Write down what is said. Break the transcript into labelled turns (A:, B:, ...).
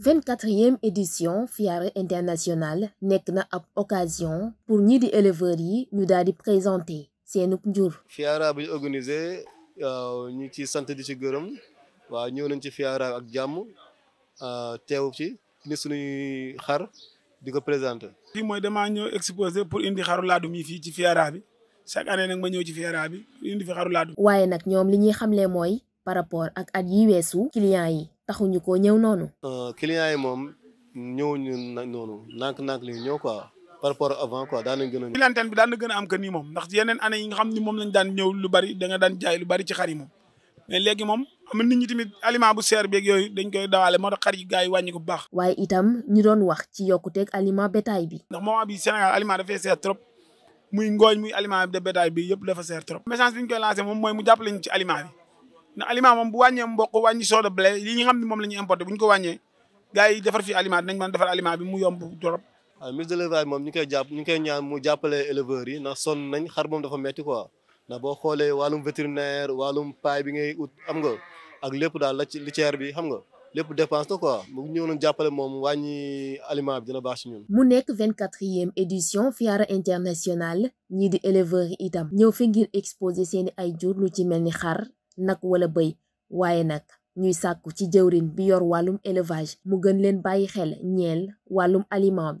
A: 24e édition FIARE internationale nekk na ab occasion pour ñi di éleveurs yi ñu daal di présenter seenub njur
B: FIARA bi ñu organisé ñu ci sant di ci gërëm waaw ñëw nañ ci FIARA ak jàmm ah, teew ci ni suñuy xar di ko présenter
C: fii mooy damaa ñëw exposé pour indi xaru laadum yi fii ci FIARA bi chaque année nag ma ñëw ci FIARA bi indi fi xaru laadum
A: waaye nag ñoom li ñuy xamle mooy par rapport ak ak yi weesu clients yi taxuñu ko
C: ñëw noonu.
B: Euh, clients yi moom ñëwuñu nag noonu nànk-nànk li ñëw quoi par rapport avant quoi daan gën a. clientèle
C: bi am nii moom ndax yeneen année yi xam ni moom lañ daan ñëw lu bari da nga daan jaay lu bari ci xar moom. mais léegi moom am nit ñi aliment bu seer beeg yooyu dañ koy dawaale moo tax xar yi gars yi wàññi ko bu baax.
A: waaye itam ñu doon wax ci yokkuteeg aliment bétail bi.
C: ndax moment bi Sénégal aliment dafay seer trop. muy ngooñ muy aliment de bétail bi na aliment moom bu wàññee mboq wàññi sooda blé lii ñi xam ne moom la ñuy bu ñu ko wàññee gars yi defar fii aliment dinañ mën defar aliment bi mu yomb torop waaw ah, ministre de l'élevage moom
B: ñu koy jàpp ñu koy ñaan mu jàppale éleveurs yi ndax sonn nañ xar moom dafa metti quoi ndax boo xoolee wàllum vétérinaire wàllum paay bi ngay ut xam nga ak lépp daal la ci litière bi xam nga lépp dépense la quoi mu ñëw nañ jàppale moom wàññi aliment bi dina baax ci ñun.
A: mu nekk vingt quatrième édition fiara internationale ñii di éleveurs itam. ñëw fi ngir exposé seeni ay jur lu ci mel ni xar nag wala bëy waaye nag ñuy sàkku ci jëwrin bi yor wàllum élevage mu gën leen bàyyi xel ñeel wàllum aliment